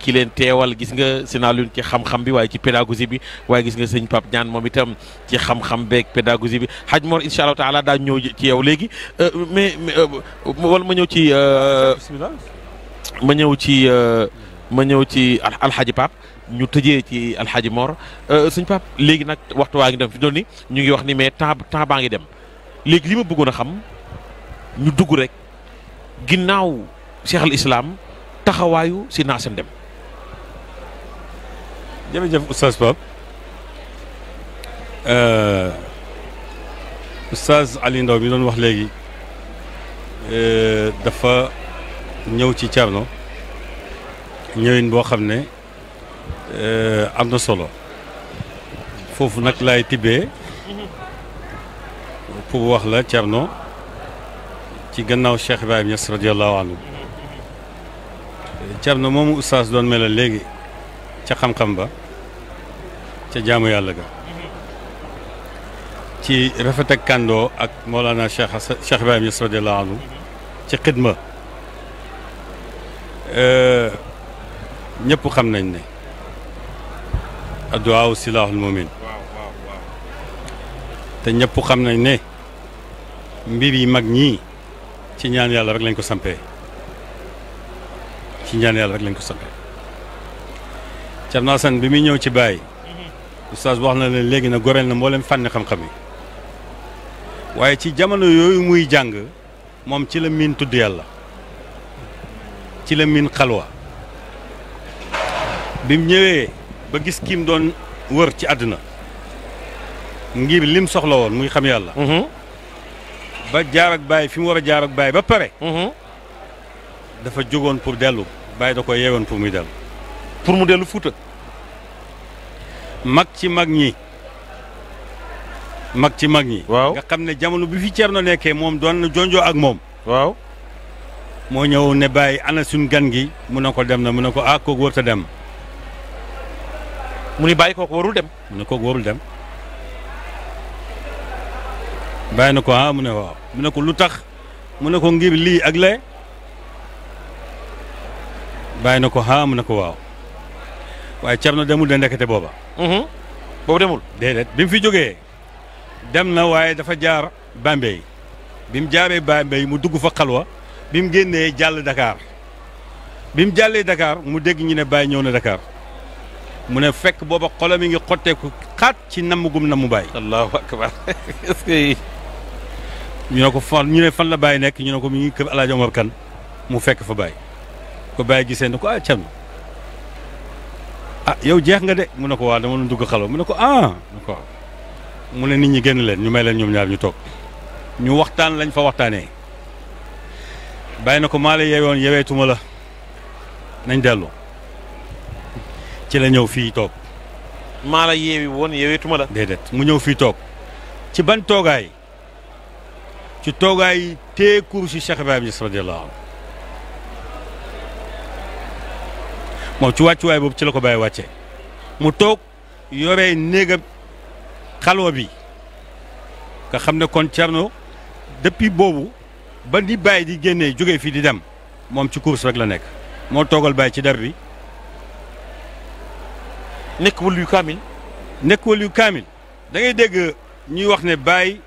ki leen teewal gis nga sinaalun ci xam-xam bi waaye ci pédagogie bi waaye gis nga sëñ Pape Ñaan moom itam ci xam-xam beeg pédagogie bi xaj moor incha allahu taala daa ñëw ci yow léegi euh, mais euh, wala ma ñëw ci euh, ma ñëw ci ma ñëw ci alxaji Pape ñu tëjee ci alxaji Mor sëñ Pape léegi nag waxtu waa ngi dem fi doon ni ñu ngi wax ni mais temps temps baa ngi dem léegi li ma bëggoon a xam ñu dugg rek ginnaaw Cheikh islaam taxawaayu si naa dem jërëjëf oustaz Pape euh, oustaz Ali Ndaw mi doon wax léegi euh, dafa ñëw ci Thierno ñëwin boo xam ne euh, am na solo foofu nag lay tibbee pour wax la Thierno ci gannaaw Cheikh Ibrahim Niass radiyallahu anhu Thierno moom oustaz doon melal léegi ca xam-xam ba. ca jaamu yàlla ga ci rafet ak kàndoo ak Mawlana Cheikh Cheikh Ibrahim Niass radiyallahu ci xidma ñëpp xam nañ ne adduwaaw silaahul mumin te ñëpp xam nañ ne mbir yi mag ñii ci ñaan yàlla rek lañ ko sampe ci ñaan yàlla rek lañ ko sampee Cerno Asan bi muy ñëw ci Baay oustaz wax na leen léegi na goreel na mboolem fànn xam-xam waaye ci jamono yooyu muy jàng moom ci la miin tudd yàlla ci la miin xalwa bim ñëwee ba gis kiim doon wër ci àdduna ngir lim soxla woon muy xam yàlla mhm. ba jaar bàyyi fi mu war a jaar ak bàyyi ba pare mhm. dafa jógoon pour dellu bàyyi da ko yeewoon pour muy dellu pour mu dellu Fuuta mag ci mag ñi mag ci mag ñi. waaw xam ne jamono bi fi Thierno nekkee moom doon na jonjoo ak moom. waaw. moo ñëw ne bàyyi ana suñ gan gi mu ne ko dem na mu ne ko ah ko warut dem. mu ni bàyyi kooku warul dem. mu ne kooku dem. bàyyi na ko ah mu ne waaw mu ne ko lu tax mu ne ko ngir lii ak lee bàyyi na ko ah mu ne ko waaw. waaye na demul de ndekete booba. Mhm. boobu demul. déedéet bi mu fi jógee dem na waaye dafa jaar Bambey bi mu jaaree Bambey mu dugg fa xalwa bi mu génnee jàll dakaar bi mu jàllee dakaar mu dégg ñu ne Baye ñëw na Dakar mu ne fekk booba xolam mi ngi xotteeku xaat ci namm na mu baay allahu akbar est-ce ñu ne ko fan ñu ne fan la Baye nekk ñu ne ko mi ngi kër El Hadj Omar mu fekk fa Baye ko Baye gisee ne ko ah Thierno. ah yow jeex nga de mu ne ko waa dama doon dugg xalwa mu ne ko ah mu ne nit ñi génn leen ñu may leen ñoom ñaar ñu toog ñu waxtaan lañ fa waxtaanee bàyyi na ko maa la yeewoon yeweetuma la nañ dellu ci la ñëw fii toog. maa la yeewi woon yeweetuma la. déedéet mu ñëw fii toog ci ban toogaay ci toogaay téye kursi Cheikh Ibrahima Niass radiyallahu anhu moom ci wàccuwaay boobu ci la ko bàyyi wàcce mu toog yore néegam xalwa bi nga xam ne kon Thierno depuis boobu ba ni bàyyi di génnee jóge fii di dem moom ci course rek la nekk moo toogal bàyyi ci dar bi nekk wël yu kaamil nekk wël yu kaamil da ngay ñuy wax ne bàyyi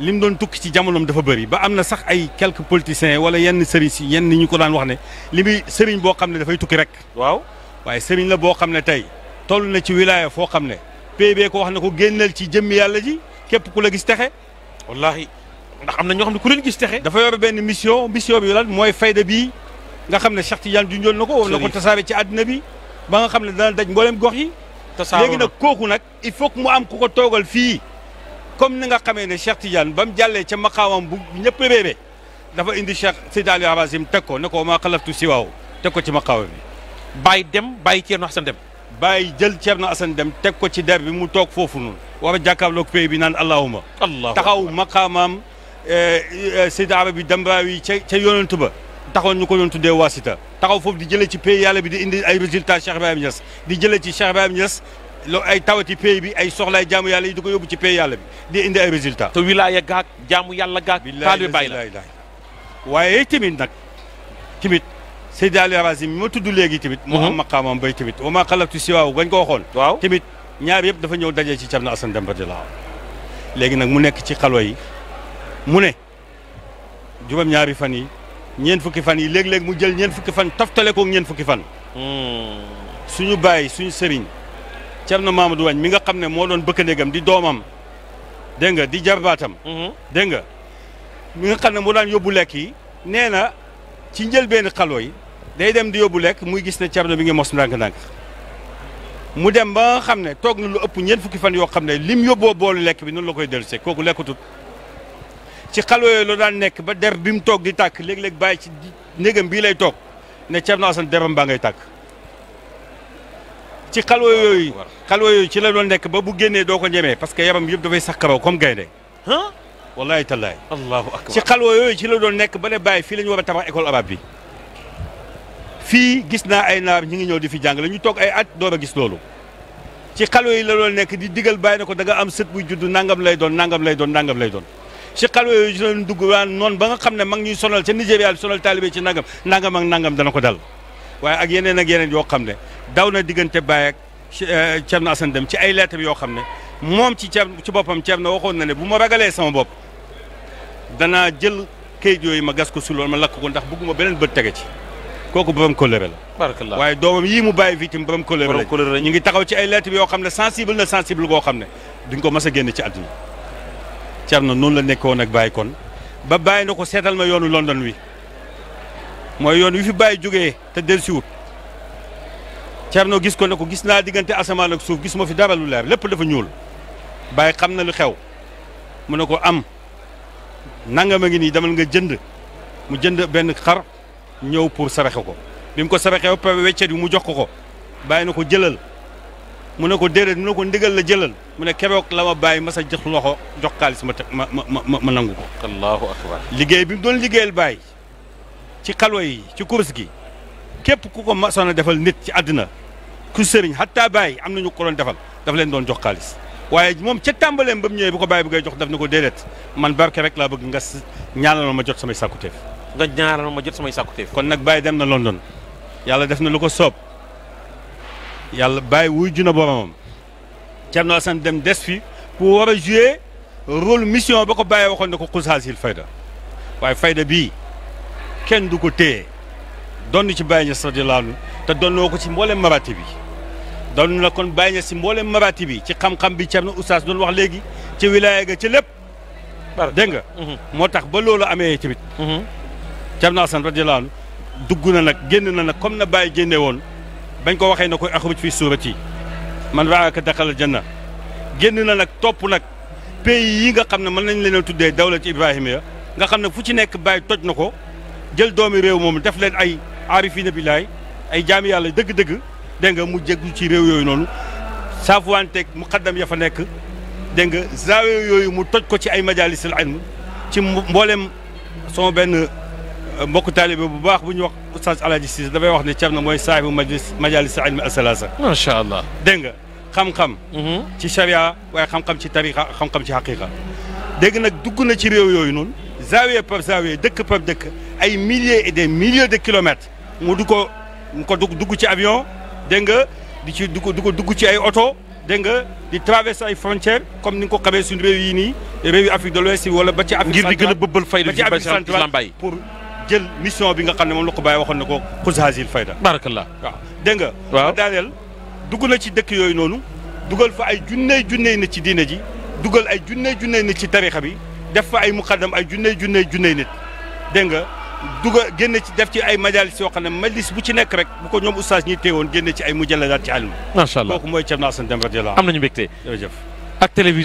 lim doon tukki ci jamonoom dafa bëri ba am na sax ay quelques politiciens wala yenn sëriñ si yenn ñu ko daan wax ne li muy sëriñ boo xam ne dafay tukki rek. waaw waaye sëriñ la boo xam ne tey toll na ci wilaya foo xam ne PB ko wax ne ko génneel ci jëmmi yàlla ji képp ku la gis texe. wallahi ndax am na ñoo xam ne ku leen gis texe. dafa yor benn mission mission bi lan mooy fayda bii nga xam ne Cheikh Tidiane junjoon na ko. wala ko tasaare ci àddina bi ba nga xam ne dana daj mboolem gox yi. tasaaroo léegi nag kooku nag il faut que mu am ku ko toogal fii comme ni nga xamee ne Cheikh Tidiane ba mu jàllee ca maqaamam bu ñëpp réere dafa indi Cheikh Seydi Aliou Harazim teg ko ne ko maa xalaftu si waaw teg ko ci maqaama bi bàyyi dem bàyyi Thierno Assane dem bàyyi jël Thierno dem teg ci der bi mu toog foofu noonu war a jàkkaarloog pay bi naan allahuma taxaw maqaamaam Seydi Arabi Damraawi ca ca yonentu ba taxoon ñu wasita taxaw foofu di jëlee ci pay yàlla bi di indi ay résultats Cheikh Ibrahim Niass di jëlee ci Cheikh Ibrahim Niass loo ay tawati pays bi ay soxlaay jaamu yàlla yi di ko yóbbu ci pays yàlla bi di indi ay résultats. te wilaaya gaag jaamu yàlla gaag. taalibe Baay la waaye tamit nag tamit Seydi Ali Harazim mi ma tudd léegi tamit. moo am mhm. maqaamam bay timit wa maa xalaqtu siwaahu bañ ko waxoon. waaw tamit ñaar yëpp dafa ñëw daje ci Cerno Asan Dem radiyallaahu léegi nag mu nekk ci xalwa mu ne juróom ñaari fan yi ñeen fukki fan yi léeg-léeg mu jël ñeen fukki fan toftale ko fukki fan. Hmm. suñu suñu sëriñ. na Thierno Mamadou Wagne mi nga xam ne moo doon bëkk-néegam di doomam dégg nga di jarbaatam. Mhm. dégg nga mi nga xam ne moo daan yóbbu lekk yi nee na ci njëlbeeni xaloo yi day dem di yóbbu lekk muy gis ne Thierno mi nga mos ndànk-ndànk mu dem ba xam ne toog na lu ëpp ñeent fukki fan yoo xam ne lim yóbboo boolu lekk bi noonu la koy dellusee kooku lekkutut ci xaloo loo la daan nekk ba der bi mu toog di tàkk léeg-léeg bàyyi ci néegam bii lay toog ne cer Assane deram baa ngay tàkk. ci xalwa yooyu xalwa ci la doon nekk ba bu génnee doo ko ñemee parce que yaram yëpp dafay sax karaw comme gaynde ah wallahi tallaay allahu ci xalwa yooyu ci la doon nekk ba ne bàyyi fii lañu ñu war a tabax école arabe bi fii gis naa ay naar ñi ngi ñëw di fi jàng la ñu toog ay at door a gis loolu ci xalwa yi la doon nekk di digal bàyyi na ko da am sët buy judd nangam lay doon nangam lay doon nangam lay doon ci xalwa yooyu ci doon dugg waan noonu ba nga xam ne mag ñuy sonal ca Nigéria bi sonal taalibe ci nangam nangam ak nangam dana ko dal waaye ak yeneen ak yeneen yoo xam ne daw na diggante Baye ak eh, Thierno Assane Deme ci ay lettre yoo xam ne moom ci Thierno ci boppam na waxoon na ne bu ma ragalee sama bopp danaa jël kayit yooyu ma gas ko suloon ma lakk ko ndax bëgguma beneen bët tege ci kooku borom kóllëre la. barakallah waaye doomam yii mu bàyyi fii tamit borom kóllëre la ñu ngi taxaw ci ay lettre yoo xam ne sensible na sensible goo xam ne duñ ko mas a génn ci àdduna. na noonu la nekkoon ak Baye kon ba bàyyi na ko seetal ma yoonu London wi mooy yoon wi fi Baye jógee te dellusiwut Cerno gis ko ne ko gis naa diggante asamaan ak suuf gis ma fi dara lu leer lépp dafa ñuul Baye xam na lu xew mu ne ko am nangam a ngi nii demal nga jënd mu jënd benn xar ñëw pour saraxe ko bi mu ko saraxee ba weccet bi mu jox ko ko bàyyi na ko jëlal mu ne ko déedéet mu ne ko ndigal la jëlal mu ne keroog la ma bàyyi ma sa jox loxo jox xaalis ma ma ma ma nangu ko. allahu liggéey bi mu doon liggéeyal Baye ci xalwa yi ci course gi képp ku ko masoon a defal nit ci àddina. ku sëriñ xataa bàyyi am nañu ko doon defal daf leen doon jox xaalis waaye moom ca tàmbaleem ba mu ñëwee bu ko bàyyi bu jox daf ne ko déedéet man barke rek laa bëgg nga ñaanal ma jot samay sàkkuteef nga ñaanal ma jot samay sàkkuteef kon nag bàyyi dem na London yàlla def na lu ko soob yàlla bàyyi wuy juna boromam Thierno Assane dem des fi pour war a jouer rôle mission ba ko bàyyi waxoon na ko xusaasil fayda waaye fayda bii kenn du ko téye donn ci bàyyi ñes radiyallaahu anhu te donnoo ko ci mboolem maraati bi doon la kon bàyyi si mboolem maraati bi ci xam-xam bi na Oustaz doon wax léegi ci wilaya ga ci lépp. dégg nga. Mhm. moo tax ba loolu amee tamit. Mhm. Thierno Assane radiyallahu anhu dugg na nag génn na nag comme na bàyyi génne woon bañ ko waxee na koy axruj fii suurati man raaka daxalal janna génn na nag topp nag pays yi nga xam ne mën nañ leen a tuddee dawla ci Ibrahima ya nga xam ne fu ci nekk bàyyi toj na ko jël doomi réew moom def leen ay aarifiina billaay ay jaami yàlla dëgg-dëgg. dégg nga mu jéggu ci réew yooyu noonu saafuwanteeg muqaddam ya fa nekk dégg nga zaawe yooyu mu toj ko ci ay majalis al ilm ci mboolem sama benn euh, mbokk taalibe bu baax bu ñu wax oustaz Alaaji Cissé dafay wax ne na mooy saahibu majlis majalis a ilm asalaasa. macha allah dégg nga xam-xam. Mm-hmm. ci charia waaye xam-xam ci tariqa xam-xam ci xaqiqa. dégg nag dugg na ci réew yooyu noonu zaawe par zaawe dëkk par dëkk ay milliers et des milliers de kilomètres mu du ko mu ko dugg ci avion. dégg nga di ci du ko du ko dugg ci ay oto dégg nga di traverser ay frontières comme ni nga ko xamee suñu réew yi nii réew yi Afrique de l'Ouest wala ba ci Afrique ngir di gën a bëbbal fayda ci Afrique centrale pour jël mission bi nga xam ne moom la ko bàyyi waxoon na ko xuz hazil fayda barakallah waaw dégg nga waaw daaneel dugg na ci dëkk yooyu noonu dugal fa ay junney junney nit ci diine ji dugal ay junney junney nit ci tarixa bi def fa ay muqaddam ay junney junney junney nit dégg nga duga génne ci def ci ay majalis yoo xam ne majalis bu ci nekk rek bu ko ñoom oustaz ñi teewoon génne ci ay mujalladaat ci àll bi. macha allah kooku mooy Thierno Assane Deme radiyallahu am nañu mbégte jërëjëf ak télévision